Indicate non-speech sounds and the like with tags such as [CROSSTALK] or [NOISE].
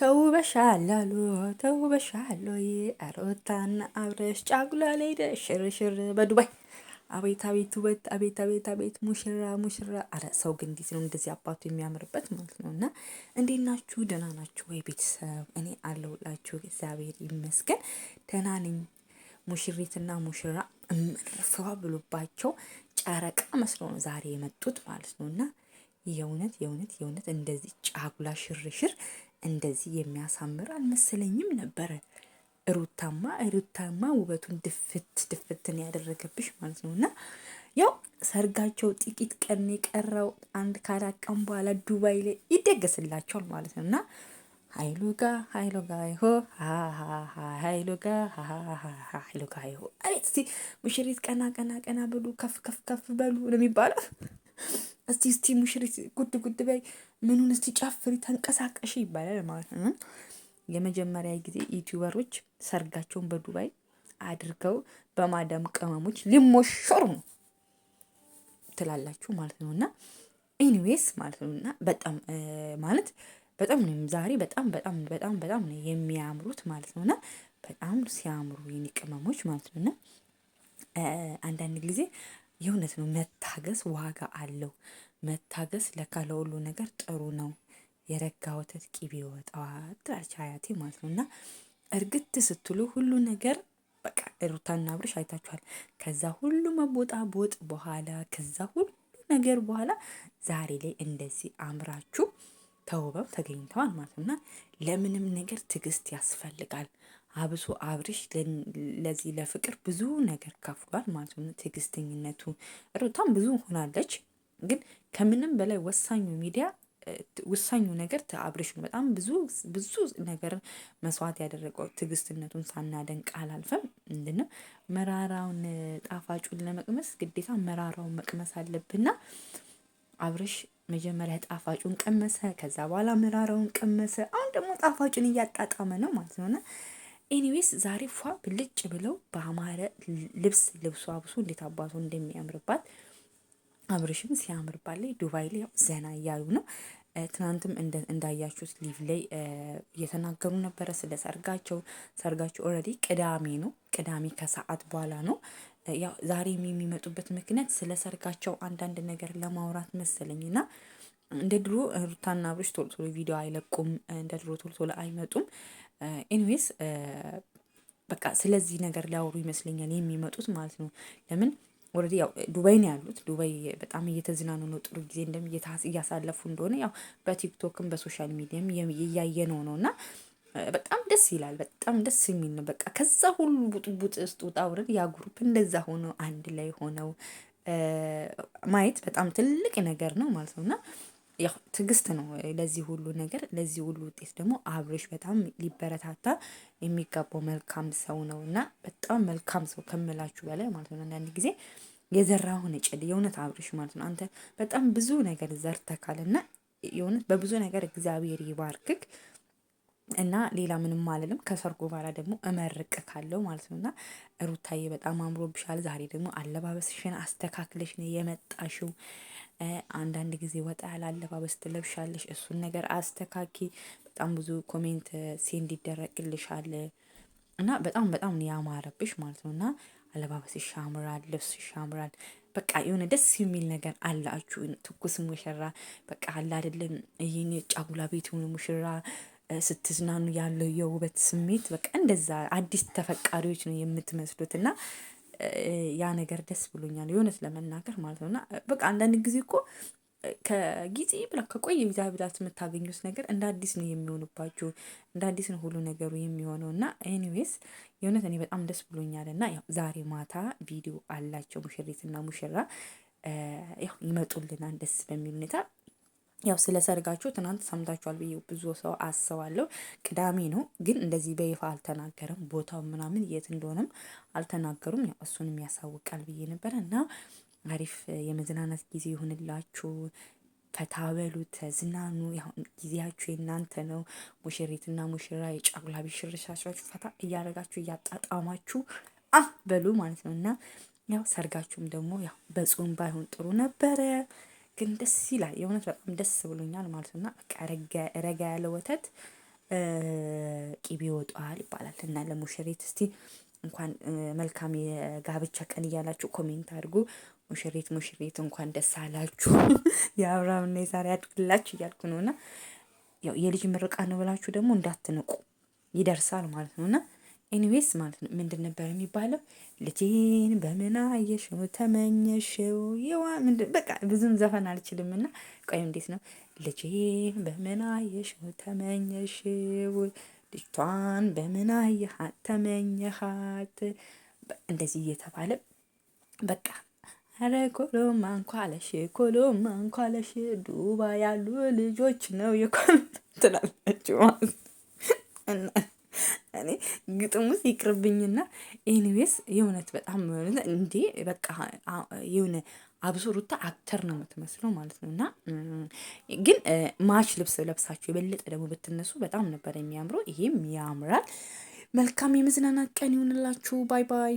ተውበሻል አሉ ተውበሻል ወይ ሩታና አብረሽ ጫጉላ ላይ ሽርሽር በዱባይ አቤት አቤት ውበት አቤት አቤት አቤት ሙሽራ ሙሽራ። አረ ሰው ግን እንዴት ነው እንደዚህ አባቱ የሚያምርበት ማለት ነው። እና እንዴት ናችሁ? ደህና ናችሁ ወይ ቤተሰብ? እኔ አለሁላችሁ እግዚአብሔር ይመስገን ደህና ነኝ። ሙሽሪትና ሙሽራ እምርፋ ብሎባቸው ጨረቃ መስሎ ነው ዛሬ የመጡት ማለት ነው። እና የእውነት የእውነት የእውነት እንደዚህ ጫጉላ ሽርሽር እንደዚህ የሚያሳምር አልመሰለኝም ነበረ። ሩታማ ሩታማ ውበቱን ድፍት ድፍትን ያደረገብሽ ማለት ነው። እና ያው ሰርጋቸው ጥቂት ቀን የቀረው አንድ ካላቀም ቀን በኋላ ዱባይ ላይ ይደገስላቸዋል ማለት ነው እና ሀይሉ ጋ ሀይሉ ጋ ይሆ ሀይሉ ጋ ሀይሉ ጋ ይሆ አቤት ሙሽሪት ቀና ቀና ቀና በሉ ከፍ ከፍ ከፍ በሉ ነው የሚባለው። እስቲ እስቲ ሙሽሪት ጉድ ጉድ በይ ምኑን እስቲ ጨፍሪ ተንቀሳቀሽ ይባላል ማለት ነው። የመጀመሪያ ጊዜ ዩቲዩበሮች ሰርጋቸውን በዱባይ አድርገው በማዳም ቅመሞች ሊሞሸሩ ነው ትላላችሁ ማለት ነው። እና ኤኒዌይስ ማለት ነው። እና በጣም ማለት በጣም ነው ዛሬ በጣም በጣም በጣም በጣም ነው የሚያምሩት ማለት ነው። እና በጣም ሲያምሩ የኔ ቅመሞች ማለት ነው። እና አንዳንድ ጊዜ የእውነት ነው። መታገስ ዋጋ አለው። መታገስ ለካ ለሁሉ ነገር ጥሩ ነው። የረጋ ወተት ቂቤ ይወጣዋል ትላለች አያቴ ማለት ነው። እና እርግት ስትሉ ሁሉ ነገር በቃ ሩታና አብርሽ አይታችኋል። ከዛ ሁሉ መቦጣ ቦጥ በኋላ ከዛ ሁሉ ነገር በኋላ ዛሬ ላይ እንደዚህ አምራችሁ ተውበው ተገኝተዋል ማለት ነው። እና ለምንም ነገር ትዕግስት ያስፈልጋል። አብሶ አብርሽ ለዚህ ለፍቅር ብዙ ነገር ከፍሏል ማለት ነው። ትዕግስተኝነቱ ሩታም ብዙ ሆናለች፣ ግን ከምንም በላይ ወሳኙ ሚዲያ ወሳኙ ነገር አብርሽ ነው። በጣም ብዙ ብዙ ነገር መስዋዕት ያደረገው ትዕግስትነቱን ሳናደንቅ አላልፈም። ምንድነው መራራውን ጣፋጩን ለመቅመስ ግዴታ መራራውን መቅመስ አለብና አብርሽ መጀመሪያ ጣፋጩን ቀመሰ። ከዛ በኋላ መራራውን ቀመሰ። አሁን ደግሞ ጣፋጩን እያጣጣመ ነው ማለት ነውና ኤኒዌይስ ዛሬ ፏ ብልጭ ብለው በአማረ ልብስ ልብሱ አብሶ እንዴት አባቱ እንደሚያምርባት አብርሽም ሲያምርባት ላይ ዱባይ ላይ ዘና እያሉ ነው። ትናንትም እንዳያችሁት ሊቭ ላይ እየተናገሩ ነበረ ስለ ሰርጋቸው። ሰርጋቸው ኦልሬዲ ቅዳሜ ነው፣ ቅዳሜ ከሰዓት በኋላ ነው። ያው ዛሬም የሚመጡበት ምክንያት ስለ ሰርጋቸው አንዳንድ ነገር ለማውራት መሰለኝና እንደ ድሮ ሩታና አብርሽ ቶሎ ቶሎ ቪዲዮ አይለቁም፣ እንደ ድሮ ቶሎ ቶሎ አይመጡም። ኤኒዌይስ eh, eh, በቃ ስለዚህ ነገር ሊያወሩ ይመስለኛል የሚመጡት ማለት ነው። ለምን ኦልሬዲ ያው ዱባይ ነው ያሉት። ዱባይ በጣም እየተዝናኑ ነው፣ ጥሩ ጊዜ እንደም እያሳለፉ እንደሆነ ያው በቲክቶክም በሶሻል ሚዲያም እያየነው ነው እና በጣም ደስ ይላል። በጣም ደስ የሚል ነው። በቃ ከዛ ሁሉ ቡጥቡጥ ውስጥ ውጣ ውረድ ያ ግሩፕ እንደዛ ሆነው አንድ ላይ ሆነው ማየት በጣም ትልቅ ነገር ነው ማለት ነው እና ያው ትግስት ነው ለዚህ ሁሉ ነገር ለዚህ ሁሉ ውጤት ደግሞ አብርሽ በጣም ሊበረታታ የሚገባው መልካም ሰው ነው እና በጣም መልካም ሰው ከምላችሁ በላይ ማለት ነው። አንዳንድ ጊዜ ሆነ ጭድ የእውነት አብሬሽ ማለት ነው አንተ በጣም ብዙ ነገር ዘርተካል እና የእውነት በብዙ ነገር እግዚአብሔር ይባርክክ። እና ሌላ ምንም አልልም። ከሰርጉ በኋላ ደግሞ እመርቅ ካለው ማለት ነው። እና ሩታዬ በጣም አምሮብሻል። ዛሬ ደግሞ አለባበስሽን አስተካክለሽ ነው የመጣሽው። አንዳንድ ጊዜ ወጣ ያለ አለባበስ ትለብሻለሽ። እሱን ነገር አስተካኪ። በጣም ብዙ ኮሜንት ሴንድ ይደረግልሻል እና በጣም በጣም ያማረብሽ ማለት ነው። እና አለባበስ ይሻምራል፣ ልብስ ይሻምራል። በቃ የሆነ ደስ የሚል ነገር አላችሁ። ትኩስ ሙሽራ በቃ አለ አይደለም ይሄን ጫጉላ ቤት ሙሽራ ስትዝናኑ ያለው የውበት ስሜት በቃ እንደዛ አዲስ ተፈቃሪዎች ነው የምትመስሉት እና ያ ነገር ደስ ብሎኛል የእውነት ለመናገር ማለት ነው። እና በቃ አንዳንድ ጊዜ እኮ ከጊዜ ብላ ከቆየ ጊዜ ብላችሁ የምታገኙት ነገር እንደ አዲስ ነው የሚሆንባቸው እንደ አዲስ ነው ሁሉ ነገሩ የሚሆነው እና ኤኒዌይስ የእውነት እኔ በጣም ደስ ብሎኛል። እና ያው ዛሬ ማታ ቪዲዮ አላቸው ሙሽሪትና ሙሽራ ያው ይመጡልናል ደስ በሚል ሁኔታ ያው ስለ ሰርጋችሁ ትናንት ሰምታችኋል ብዬ ብዙ ሰው አስባለሁ። ቅዳሜ ነው ግን እንደዚህ በይፋ አልተናገረም። ቦታው ምናምን የት እንደሆነም አልተናገሩም። ያው እሱንም ያሳውቃል ብዬ ነበረ እና አሪፍ የመዝናናት ጊዜ ይሁንላችሁ። ፈታበሉ፣ ተዝናኑ። ጊዜያችሁ የእናንተ ነው። ሙሽሪትና ሙሽራ የጫጉላ ቤት ፈታ እያደረጋችሁ እያጣጣማችሁ አ በሉ ማለት ነው እና ያው ሰርጋችሁም ደግሞ ያው በጾም ባይሆን ጥሩ ነበረ። ግን ደስ ይላል። የእውነት በጣም ደስ ብሎኛል ማለት ነው። እና በቃ ረጋ ያለ ወተት ቂቢ ይወጣል ይባላል። እና ለሙሽሪት እስቲ እንኳን መልካም የጋብቻ ቀን እያላችሁ ኮሜንት አድርጉ። ሙሽሪት ሙሽሪት እንኳን ደስ አላችሁ፣ [LAUGHS] የአብርሃምና የዛሬ አድርግላችሁ እያልኩ ነው። እና ያው የልጅ ምርቃ ነው ብላችሁ ደግሞ እንዳትንቁ፣ ይደርሳል ማለት ነው እና ኤኒዌይስ ማለት ነው ምንድን ነበር የሚባለው? ልጄን በምን አየሽው ተመኘሽው? ይዋ ምንድን በቃ ብዙም ዘፈን አልችልም እና ቆይ እንዴት ነው ልጄን በምን አየሽው ተመኘሽው? ልጅቷን በምን አየሃት ተመኘሃት? እንደዚህ እየተባለ በቃ አረ ኮሎማ እንኳለሽ ኮሎማ እንኳለሽ ዱባ ያሉ ልጆች ነው የኮሎማ ትላለች ማለት እና ለምሳሌ ውስጥ ይቅርብኝና ኤኒዌስ የእውነት በጣም እንዴ በቃ የሆነ አብሶ ሩታ አክተር ነው የምትመስለው ማለት ነው። እና ግን ማች ልብስ ለብሳችሁ የበለጠ ደግሞ ብትነሱ በጣም ነበር የሚያምረው። ይሄም ያምራል። መልካም የመዝናናት ቀን ይሆንላችሁ። ባይ ባይ።